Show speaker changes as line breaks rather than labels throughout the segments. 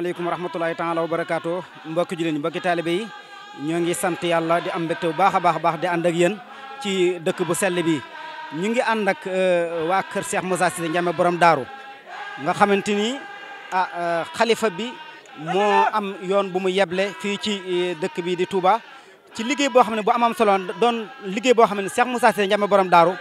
asalaamaaleykum wa rahmatulahi taala wa barakaatu mbokki jullit ñi mbokki taalibe yi ñoo ngi sant yàlla di am mbégte baax a baax a baax di ànd ak yéen ci dëkk bu sell bi ñu ngi ànd ak euh, waa kër Cheikh Moussa Cissé Ndiamé borom daaru nga xamante ni ah, euh, xalifa bi moo am yoon bu mu yeble fii ci euh, dëkk bi di Touba ci liggéey boo xam ne bu amam solo doon liggéey boo xam ne Cheikh Moussa Cissé Ndiamé borom daaru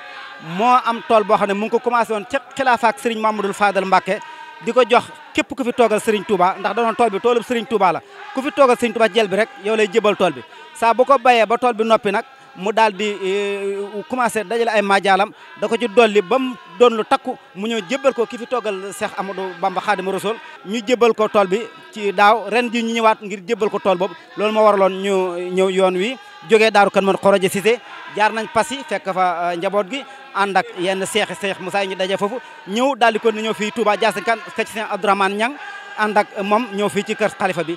moo am tool boo xam ne mu ngi ko commencé woon ca xilaafa ak Serigne Mamadou Fadal Mbacké di ko jox képp ku fi toogal Serigne Touba ndax danoon tool bi toolub Serigne Touba la ku fi toogal Serigne Touba jël bi rek yow lay jébal tool bi saa bu ko bayee ba tool bi noppi nag mu daal di euh, commencé dajale ay maajaalam da ko ci dolli ba mu doon lu takku mu ñëw jébbal ko ki fi toogal seex Amadou Bamba Khadimou Rassoul ñu jëbal ko tool bi ci daaw ren ji ñu ñëwaat ngir jébbal ko tool boobu loolu moo waraloon ñu ñëw yoon wi jógee daaru kan man xoroje Cissé jaar nañ Passy fekk fa euh, njaboot gi ànd ak yenn seexi seex Moussa yi ñu daje foofu ñëw daal di ko ñëw fii Touba Diassigane kër Cheikh Abdourahmane Niang ànd ak moom ñëw fii ci kër xalifa bi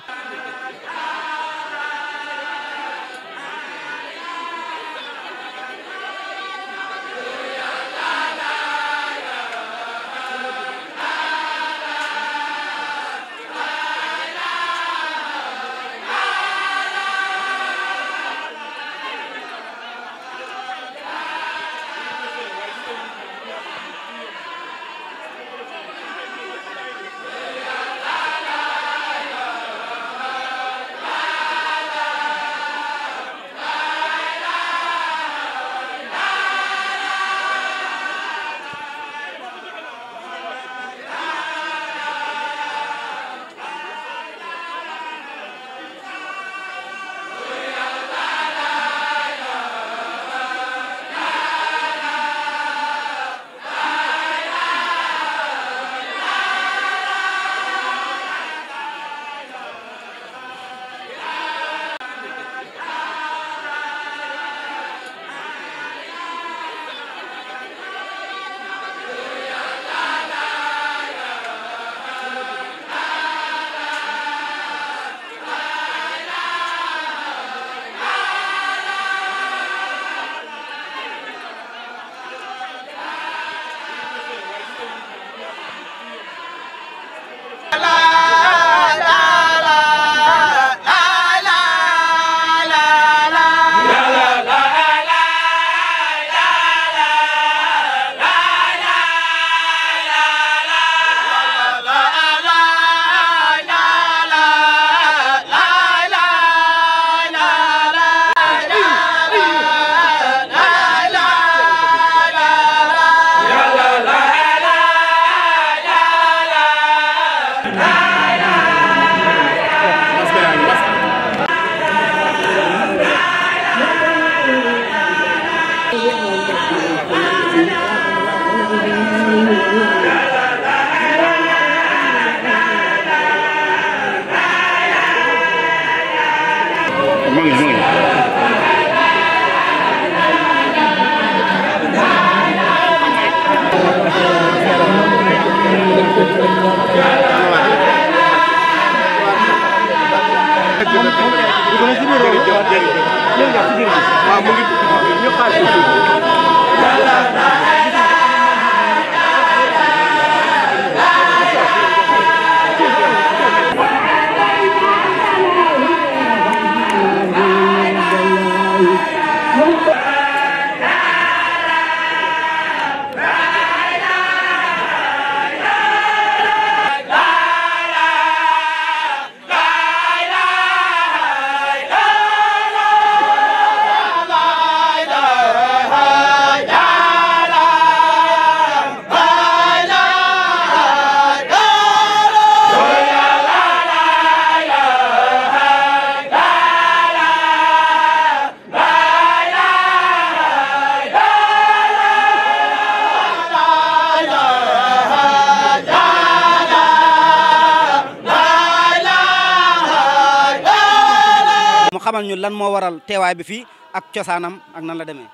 lan moo waral teewaay bi fii ak cosaanam ak nan la demee.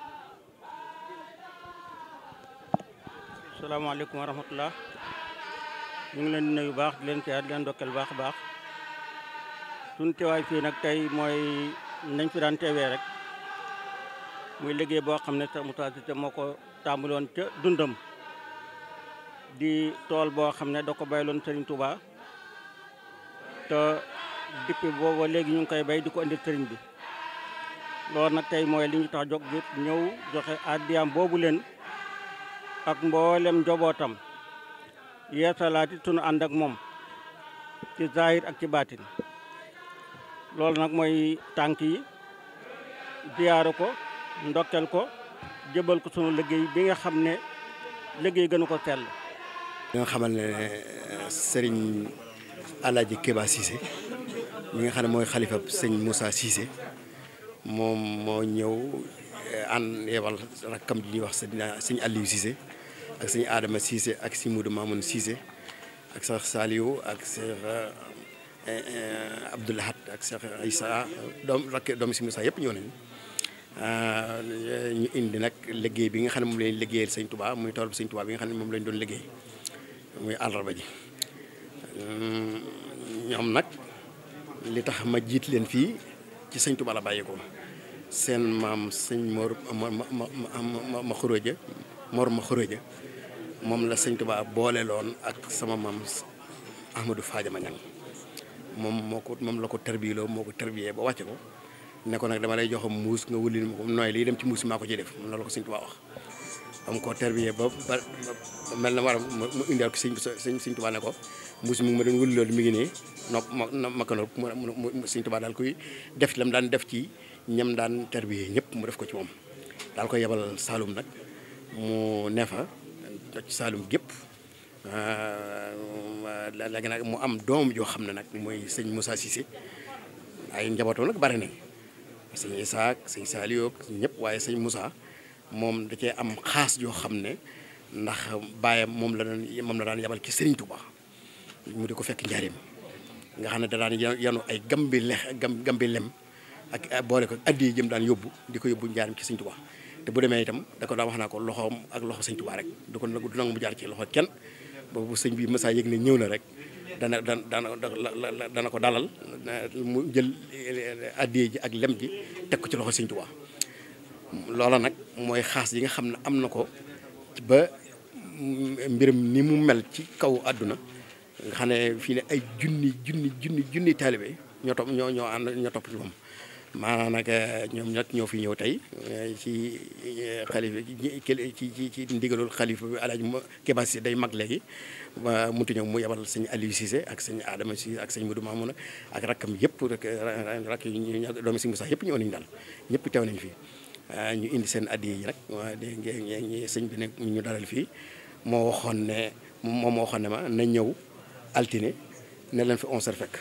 salaamaaleykum wa rahmatullah mu ngi leen di nuyu baax di leen siyaare di leen dokkal baax baax suñu teewaay fii nag tey mooy nañ fi daan teewee rek muy liggéey boo xam ne Cheikh Moustapha Cissé moo ko tàmbaloon ca dundam di tool boo xam ne doo ko bayloon Serigne Touba te depuis booba léegi ñu ngi koy bay di ko indil Serigne bi loolu nag tey mooy li ñu tax jóg jit ñëw joxe addiyaam boobu leen ak mboolem njobootam yeesalaati sunu ànd ak moom ci zahir ak ci baatin loolu nag mooy tànk yi diyaaru ko ndokkel ko jëbal ko sunu liggéey bi nga xam ne léggéey gënu ko sell
li nga xamal ne sëriñ Alaaji Kéba Cissé mi nga xam ne mooy xalifa sëñ Moussa Cissé moom moo ñëw eh, ànd yebal rakkam ji ñuy wax sëñ Aliou Cissé ak sëñ Adama Cissé ak sëñ Moudou Mamoun Cissé ak Cheikh Saliou ak Cheikh eh, eh, Abdoul Ahad ak Cheikh Issa doom rakk doom si Moussa yëpp ñëw nañu ah, ñu indi nag liggéey bi nga xam ne moom lañ liggéeyal sëñ muy tool bi bi nga xam ne moom lañ doon liggéey muy àllarba ji hmm, ñoom nag li tax ma jiit leen fii ci sëñ Tuubaa la bàyyeekoo seen maam sëñ Mor ma ma ma xuróoja Mor ma xuróoja moom la sëñ Tuubaa boole loon ak sama maam Ahmadou Fadiama Niang moom moo ko moom la ko tarbiiloo moo ko tarbiyee ba wàcce ko ne nag dama lay jox mbuus nga wulil ma ko nooy lii dem ci muus maa ko ciy def moom la ko sëñ Tuubaa wax. am ko terminé ba ba mel na war a mu indiwaat ko sëñ sëñ Tuubaa ne ko mbuus ma doon wëli loolu mi ngi nii noo makkanoor mu mu Sëriñ Tuubaa daal koy def lam daan def ci ñam daan terbiye ñëpp mu def ko ci moom daal ko yebal Saalum nag mu neefa toj Saalum gépp la ah, léegi nag mu am doom joo xam ne nag mooy sëñ Moussa Cissé ay njabootam nag bari nañ sëñ Issa ak sëñ Saliou ñëpp waaye sëñ Moussa moom da cee am xaas joo xam ne ndax baayam moom la doon moom la daan yabal ci Serigne Touba mu di ko fekk njaareem nga xamne da danaan ya-, yanu ay gambi lex gambi lem ak eh, boole ko addi jëm daan yobbu di ko yóbbu ci seigne touba te bu deme itam da ko da wax ko loxom ak loxo seigne touba rek du ko du nangu mu jaar ci loxo ken bo bu seigne bi mësaa yëg ne ñew na rek dana dana dana ko dalal eh, mu jël eh, addi ji ak lem ji tek ko ci loxo seigne touba lola nak moy xaas yi nga xamne amna am ko ba mm, mbirum ni mu mel ci kaw aduna nga xam ne fii ne ay junni junni junni junni taalibe ñoo topp ñoo ñoo ànd ñoo topp ci moom nag eh, ñoom ñett ñoo fi ñëw tey eh, ci eh, xalifa ci ci ci ndigalul xalifa bi alaaj Keba Cissé day mag léegi ba muntu ñëw mu yebal sëñ Aliou ak sëñ Adama Cissé ak sëñ Modou Mamouna ak rakkam yëpp rek rakk yi doomi sëñ Moussa yëpp ñëw nañu daal ñëpp teew nañu fi ñu indi seen addiya yi rek dégg ngeen sëñ bi ne ñu dalal fii moo waxoon ne moom moo waxoon ne ma na ñëw altiné né lañ fi onze heures fekk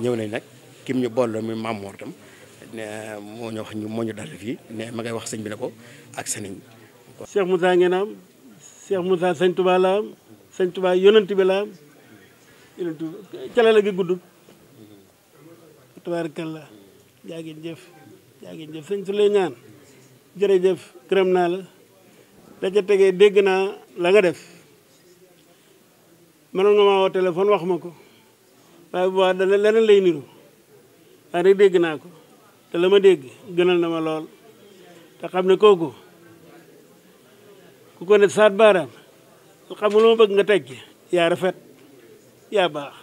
ñëw nañ nak kim ñu bolo mi maam Mor tam ne moo ñu wax ñu mo ñu dal fi ne ma ngay wax señ bi ne ak señ bi. Cheikh Moussa ngénam Cheikh Moussa sëñ Touba la am Touba yonent bi la am
yonent cale
la gi gudd tabarakallah jaa ngeen jëf jaa ngeen jëf sëñ Souleye Niane jërëjëf gërëm la da ca tegee dégg na la nga def. mënoon nga maa woo téléphone wax ma ko waaye bu baax dana leneen lay niru waaye nag dégg naa ko te la ma dégg gënal na ma lool te xam ne kooku ku ko ne saat baaraam xam nga lu ma bëgg nga teg yaa rafet yaa baax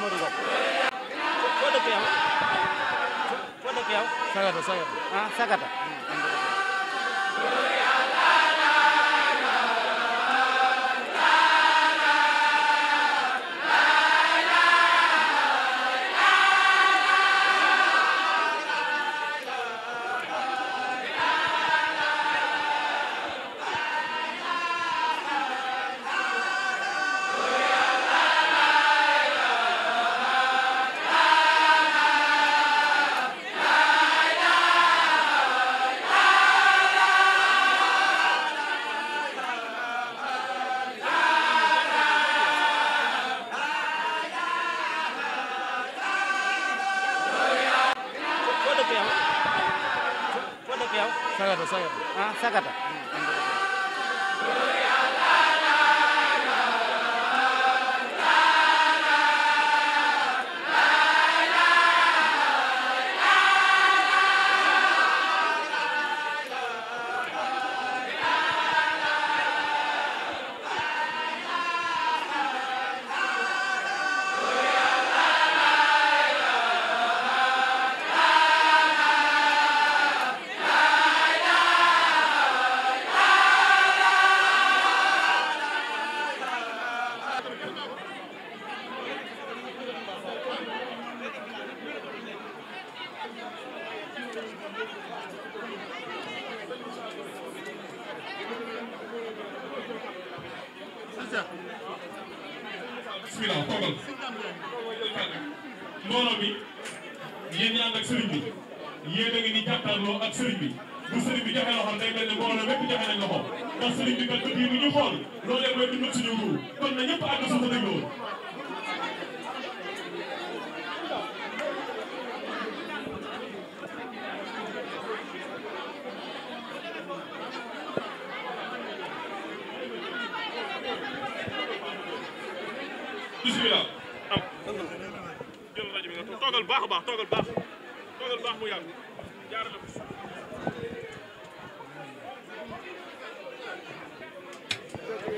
Modou Ngom. foo dëkk yow. foo dëkk yow. Sagata Sagata. ah Sagata.
kenn du bismillah jël rajo bi nga toogal baax a baax toogal baax toogal baax mu yàgg jaarale ko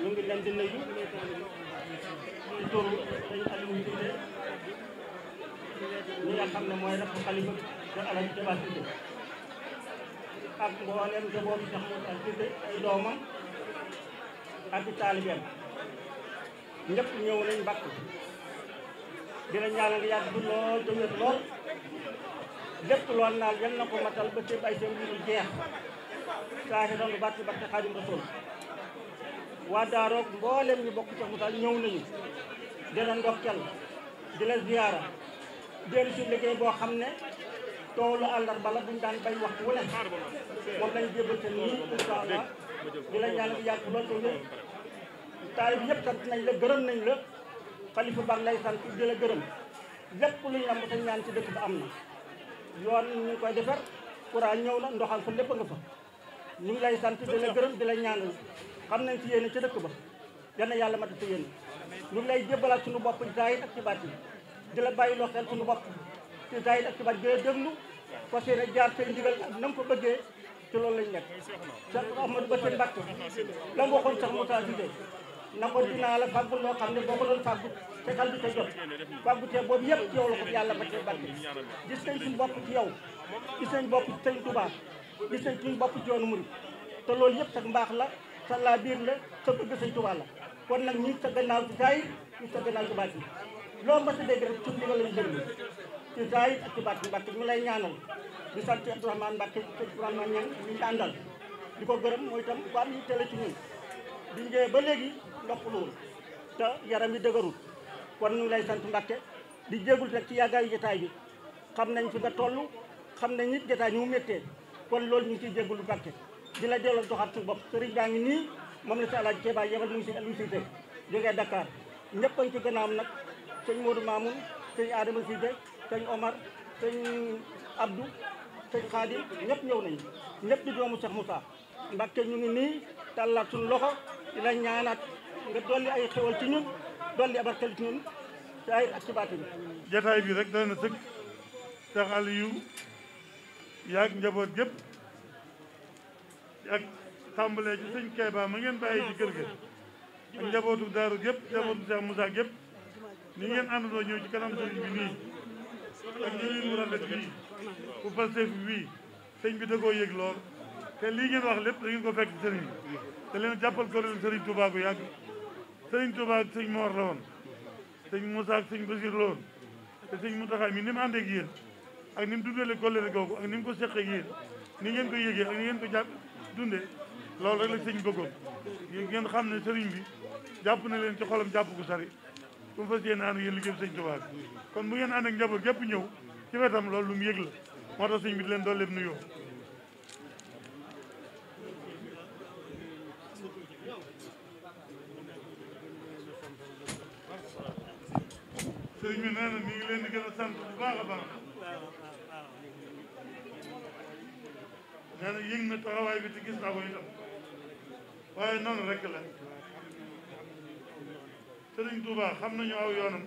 ñu ngi leen di nuyu ci turu dañ Aliou Cissé ñi nga xam ne mooy rakk xalifa de Alaaji Jabaat Cissé ak mbooleem jabootu Cheikh Moussa Cissé ay doomam ak i taalibeem ñëpp ñëw nañ mbàkk di la ñaanal nga lool te lool lépp lool naal yan na ko matal ay seen lu jeex saa si doon bàtt bàtt Xaadimu Rasuul waa daaroog mboolem ñu bokk ci Moussa ñew nañu
di la kel
di la ziyara dellu ci liggéey bo xamne tolu andar bala la buñ daan bay wax wu ne moom lañ jébbante nii incha allah di la ñaan bi yàgg lool ko wér taalib yëpp sant nañ la gëreem nañ la xalifa baax lay sant di la gëreem lépp lu la mos a ñaan ci dëkk bu amna yoon ñu ngi koy defar courant ñew na ndoxal fa lepp nga fa ñu ngi lay sant di la gëreem di la ñaanal xam nañ ci yéen ca dëkk ba yal na yàlla matal ci yéen ñu ngi lay jébbalaat suñu bopp zahir ak ci baat yi di la bàyyi loo xel suñu bopp ci zahir ak ci baat yi déglu parce que jaar say ndigal ak na ko bëggee ci loolu lañ nekk Cheikh Ahmadou Ba seen Mbàkke la nga waxoon sax Moussa Diouf na ko naa la fàggu loo xam ne boo ko doon fàggu te xel bi te jot fàggu boobu yëpp ci yow la yàlla ba tey barke gis nañ suñu bopp ci yow gis nañ bopp ci sëñ Tuubaa gis bopp ci yoonu murid loolu yëpp sax mbaax la te laa biir la te bëgg sëñ Tuubaa la kon nag ñi sa gannaaw ci saayir ñi sa gannaaw ci baat yi loo mës a dégg rek ci ndigal lañ jëm ci saayir ak ci baat yi Mbàkke ñu lay ñaanal di sant Abdourahmane Mbàkke sëñ Abdourahmane Ñaŋ ñu ngi àndal di ko gërëm mooy itam ku am ñu tele ci ñun ba léegi noppaluwul te yaram yi dëgërul kon ñu lay sant Mbàkke di jégul rek ci yàggaayu jotaay bi xam nañ fi nga toll xam nañ nit jotaay ñu mu méttee kon loolu ñu ngi ciy jégul Mbàkke dina la delloo joxaat suñu bopp sëriñ baa ngi nii moom la si àlaaj ceebaa yebal mu ngi si Aliou Cissé jógee Dakar ñëppañ ci gannaam nag sëñ Modou Mamoun sëñ Adama Cissé sëñ Omar sëñ Abdou sëñ Khadim ñëpp ñëw nañ ñëpp di doomu Cheikh Moussa Mbacke ñu ngi nii tàllaat suñu loxo di la ñaanaat nga dolli ay xewal ci ñun dolli abarkal ci ñun ci ak ci baati jataay bi rek dana na sëkk Cheikh Aliou
yaag njaboot yëpp ak tàmbalee ci sëñ Kayba ma ngeen bàyyi ci kër ga ak njabootu daaru yëpp njabootu Cheikh Moussa yëpp
ni ngeen àndandoo ñëw ci kanam sëñ bi nii ak ñëwin mu rafet bii bu Pastef
bii sëñ bi da koo yëg te lii ngeen wax lépp da ngeen ko fekk sëriñ bi te leen jàppal ko leen sëriñ Touba gu yàgg sëriñ Touba ak sëñ Mor la woon sëñ Moussa ak sëñ Basir la woon te sëñ Mountakha mi ni mu àndeeg yéen ak ni mu dundale ko leen googu ak ni mu ko seqee ak ni ngeen ko yëgee ak ngeen ko jàpp dundee loolu rek la sëñ bëggoon ngeen xam ne sëriñ bi jàpp na leen ci xolam jàpp ko sari bu mu fas yéene ànd yéen liggéey sëñ kon bu ngeen ànd ak njaboot gépp ñëw ci wetam loolu lu mu yëg moo tax sëñ bi leen doon leen nuyoo
bi nee na mi
nee na yëg na taxawaay bi te gis naa ko waaye noonu rek la Sëriñ Tuubaa xam nañu aw yoonam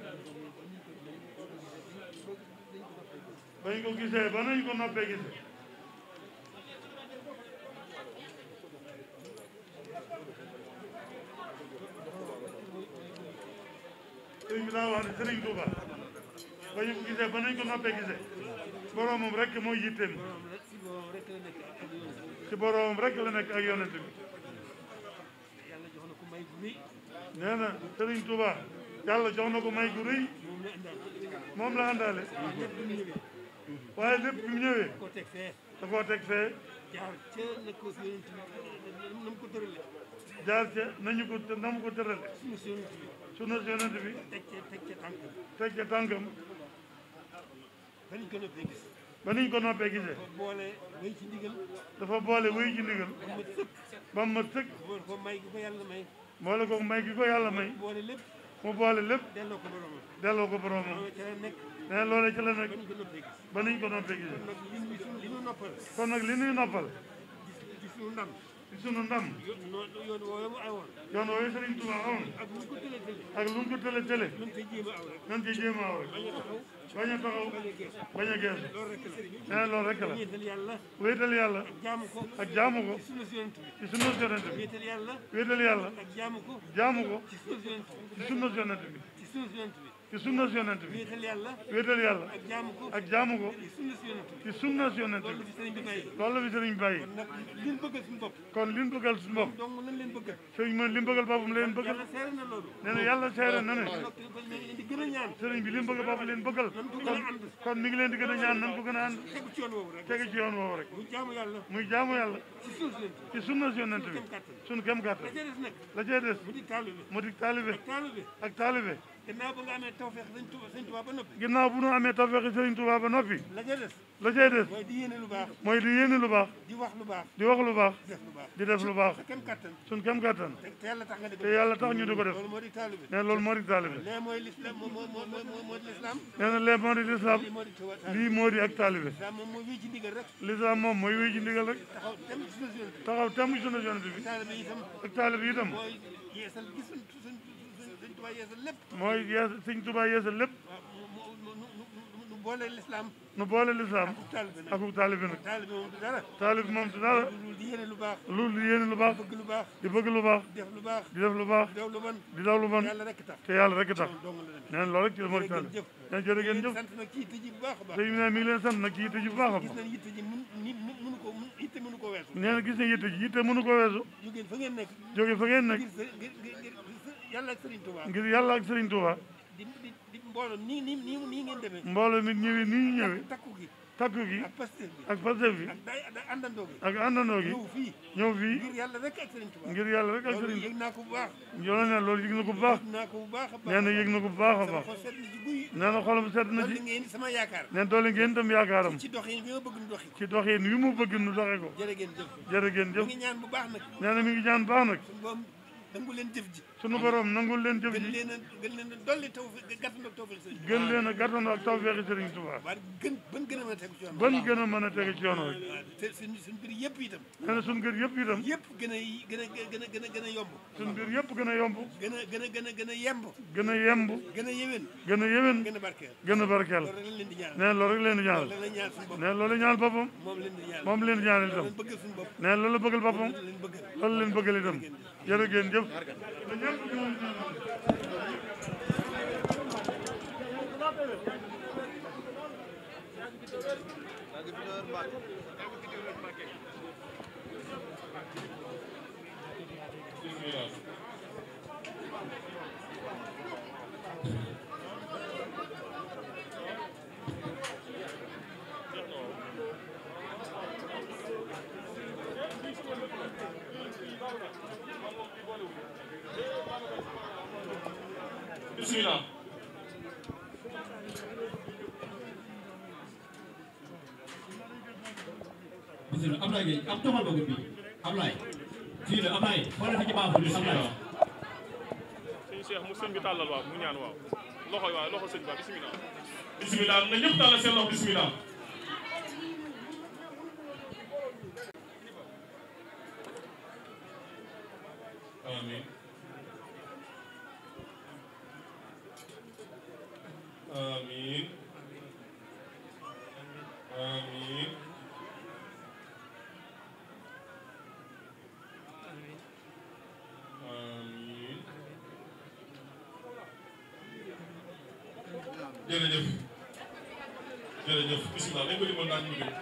bañ ko gisee ba nañ
ko noppee gise sëriñ bi daa wax ne Sëriñ Tuubaa bañ ko gisee ba nañ ko noppee gise boroomam rek mooy yitteem
ci boroom rek la nekk ak yonent bi. yàlla jox na ko may gu rëy.
nee na ko may gu rëy.
moom la àndaale. waaye lépp bi mu ñëwee. da teg fee. da jaar ca na ko yonent bi ko jaar
ca nañu ko na mu ko tëralee. sunu si yonent bi. ba niñ ko noppee gisee. dafa
boole wuy ci ndigal.
dafa boole wuy ci ndigal. ba mu mat sëkk. ba mu mat sëkk. boole ko may gi ko yàlla may. boole ko may gi ko yàlla may. mu boole lépp. mu boole lépp. delloo ko boromam. delloo ko boromam. nee loolee ci la nekk. ba niñ ko noppee gisee. kon nag li ñuy
noppal. kon nag li ñuy noppal. gis ñu ndam. ci sunu ndam. yoon woowu awoon. yoon woowu Serigne Touba awoon. ak lu mu ko tële tële. ak lu mu ko tële tële. nañ ci jéem a aw rek. nañ ci jéem a aw rek. bañ a taxaw bañ a gees. nee loolu rek la. wéetal yàlla. wéetal
yàlla. ak jaamu ko. ak jaamu ko. ci sunu yonent bi. wéetal yàlla. wéetal yàlla. ak
jaamu ko. jaamu ko. ci sunu yonent bi. ci sunu yonent bi.
ci sunna si yonent
bi wéetal yàlla wéetal yàlla ak jaamu
ko ak jaamu ko ci sunna si yonent bi loolu bi sëriñ bi bàyyi liñ bëggal suñu bopp kon liñ bëggal suñu bopp donc nañ leen bëggal sëriñ man liñ bëggal boppam leen bëggal nee na yàlla seere na ne sëriñ bi liñ bëggal boppam leen bëggal kon mi ngi leen di gën a ñaan nan ko gën a ànd tegu ci yoon woowu rek muy jaamu yàlla ci sunna si yonent bi suñu kem kàttan la cee des mu di taalibe ak taalibe ginnaaw bu
nga amee tawfeex sëñ Tuubaa ba
noppi. ginnaaw bu nu amee tawfeex sëñ Tuubaa ba noppi. la ca des. la cay des mooy di yéene lu baax
di wax lu baax di
lu baax di def lu baax suñ kem kàttan
te yàlla tax ñu di ko def nee loolu moo di taalibe nee
na lee moo di lislaam lii moo di ak taalibe lislaam moom mooy wéy ci ndigal rek taxaw tem ci sunu yonent bi
ak taalibe itam mooy yees
sëñ Tuubaa yeesal lépp
boole lislaam
nu boole lislaam ak ub taalibe nag taalibe
moom du dara taalibe moom du dara lu di yéene lu baax lu di yéene lu baax bëgg lu baax
di bëgg lu baax di
def lu baax di
def lu baax di daw lu bon di daw lu bon
te yàlla rek tax
neen loolu rek ci la mooy taalibe neen jërë ngeen jëf te ne mi ngi leen sant nag kii tëji bu baax a baax
nee na gis na yitte
ji yitte mënu ko weesu
jóge fa ngeen nekk jóge fa ngeen nekk ngir yàlla ak Serigne Touba ngir yàlla ak Serigne Touba mbooloo nii nii nii nii ngeen demee. mbooloo
mi ñëwee nii ñu ñëwee. takku gi takku gi. ak pasteur bi ak pasteur bi. ak day àndandoo gi. ak àndandoo gi. ñëw fii ñëw fii. ngir
yàlla rek ak Serigne Touba. ngir yàlla rek ak Serigne Touba. yëg naa ko bu baax.
yow na loolu yëg na ko bu baax. yëg naa ko bu baax a baax nee na yëg na ko bu baax a baax. nee na xolam sedd na ci. dolli
ngeen sama yaakaar. nee
na dolli ngeen itam yaakaaram. ci
doxin bi ma bëgg nu doxi.
ci doxin bi mu bëgg nu doxee ko. jërë ngeen jëf. jërë ngeen jëf. mi ngi ñaan bu baax nag. nee na mi ngi ñaan bu baax nag. dangu leen jëf ji sunu borom nangul leen jëf ji gën leen a gën
leen a dolli tawfeex
gàttandoo ak tawfeex sëriñ gën leen a gàttandoo ak tawfeex sëriñ Tuubaa waaye
gën ban gën a mën a tegu ci yoon ban gën a mën a tegu ci yoon rek te suñ suñ mbir yëpp itam nee na suñ mbir yëpp itam yëpp gën a gën a gën a gën a gën a yomb suñ mbir yëpp gën a yomb gën a gën a gën a gën a yemb gën a yemb gën a yéwén
gën a yéwén gën a
barkeel gën a barkeel nee loolu rek leen di ñaanal
nee loolu ñaanal boppam moom leen di ñaanal itam nee loolu bëggal boppam loolu leen bëggal itam jërë ngeen jëf
Thank you. bismillah
bismillah Ablaye Gueye am toxal boobu bi
la Ablaye
xoolal fi ci baaxul bi
Ablaye
sëñ mu sëñ bi tàllal waaw mu ñaan waaw loxo waaw loxo sëñ bi bismillah
bismillah na ñëpp bismillah
Hallelujah.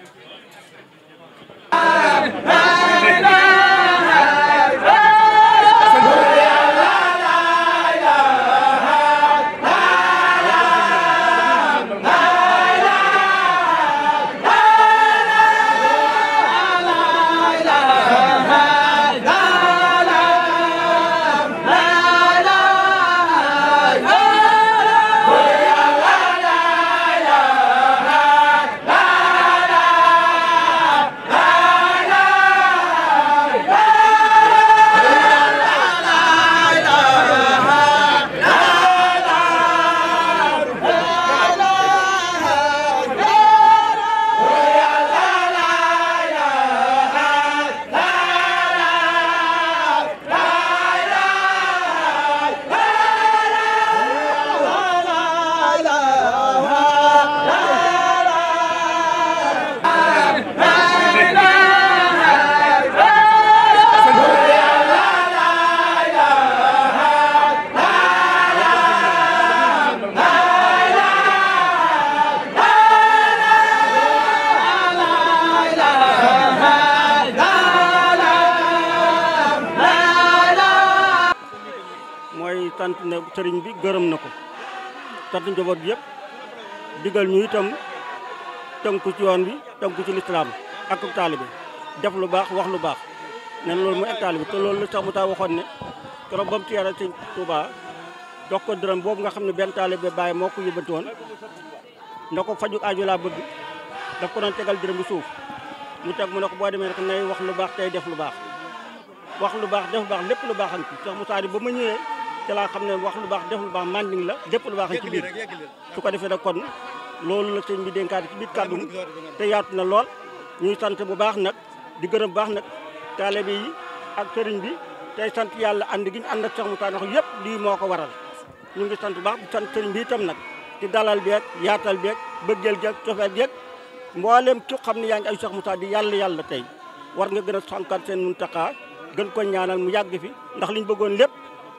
sëriñ bi gërëm na ko sant njaboot bi yëpp digal ñu itam tënku ci yoon bi tënku ci lislaam ak taalibe def lu baax wax lu baax nen loolu mu ak taalibe te loolu la sax mu waxoon ne keroog ba mu ci yaral ci Tuubaa dox ko dërëm boobu nga xam ne benn taalibe bàyyi moo ko yëbbante woon na ko faju aaju laa bëgg daf ko doon tegal dërëm bi suuf mu teg mu ne ko boo demee rek nay wax lu baax tey def lu baax wax lu baax def baax lépp lu baax am ci sax mu saa ba ma ñëwee ci xam ne wax lu baax def lu baax manding la jëpp lu baax ci biir su ko defee nag kon loolu la sëñ bi dénkaat ci biir kàddum te yaatu na lool ñuy sant bu baax nag di gërëm bu baax nag taalibe yi ak sëriñ bi tey sant yàlla ànd gi ñu ànd ak Cheikh Moussa Ndax yëpp lii moo ko waral ñu ngi sant bu baax sant sëriñ bi itam nag ci dalal beeg yaatal beeg bëggeel geeg cofeel geeg mboolem ki xam ne yaa ngi ay Cheikh Moussa di yàlla yàlla tey war nga gën a sankaat seen Muntaxa gën ko ñaanal mu yàgg fi ndax liñ bëggoon
lépp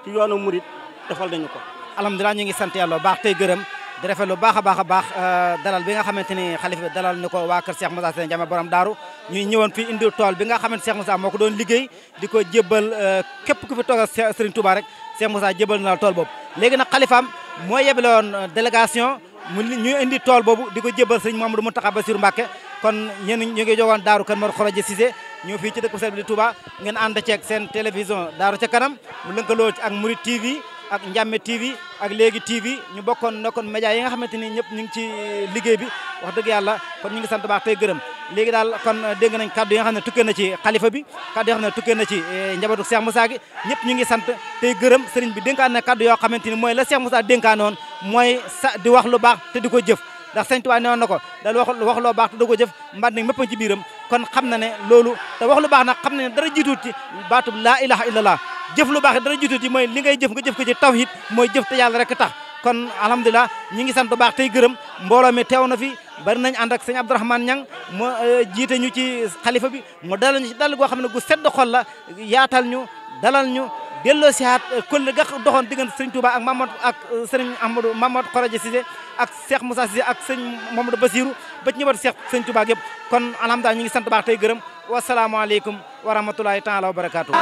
ci yoonu murit defal nañu ko alhamdulilah ñu ngi sant yàlla baax tey gërëm di rafet baax a baax a baax euh, dalal bi nga xamante ni xalif bi dalal ni ko waa kër Cheikh Moussa Sène Ndiamé borom daaru ñuy ñëwoon fi indi tool bi nga xamante Cheikh Moussa moo ko doon liggéey di ko jébbal euh, képp ku fi toogal Serigne Touba rek Cheikh Moussa jébbal na la tool boobu léegi na xalifaam moo yeble woon euh, délégation mu ñu indi tool boobu di ko jébbal Serigne Mamadou Mountakha Bassirou Mbacké kon ñenn ñu ngi jógoon daaru kër Mor Khoroja Cissé ñoo fi ci dekk sen di Touba ngeen ci ak seen télévision Daaru ci kanam mu leunkelo ci ak Murid TV ak Njàmme TV ak legi TV ñu bokkon nokon média yi nga xamanteni ni ñëpp ñu ci liggéey bi wax deug yalla kon ñu ngi sant baax tay gëreem léegi dal kon euh, dégg nañ kaddu yi nga xamne ne na ci khalifa bi kaddu yi nga xamne ne na ci euh, njabatu Cheikh Moussa gi ñëpp ñu ngi sant tay gëreem sëriñ bi dénkaan na kaddu yo xamanteni moy la Cheikh Moussa dénkaanoon non sa di wax lu baax te diko ko jëf ndax sëñ touba neewon nako dal wax wax baax te diko jëf me nag mépp ci biiram kon xam na ne loolu te wax lu baax na xam na ne dara jiituut ci baatub laa ilaha illallah jëf lu baax dara jiituut ci mooy li ngay jëf nga jëf ko ci tawhid mooy jëf te yàlla rek tax kon alhamdulilah ñi ngi sant bu baax tey gërëm mbooloo mi teew na fi bari nañ ànd ak sëñ Abdourahmane Niang mu euh, jiite ñu ci xalifa bi moo dalal ñu ci dal goo xam ne gu sedd xol la yaatal ñu dalal ñu delloo siaat euh, këll ga doxoon diggante sëriñ Touba ak Mamadou ak euh, sëriñ Amadou Mamadou Khorodia Cissé ak Cheikh Moussa Cissé ak sëñ Mamadou Basirou ba ci ñëwaat Cheikh sëriñ Touba yëpp kon alhamdulilah ñu ngi sant baax tey gërëm wasalaamaaleykum wa rahmatulahi taala wa barakaatu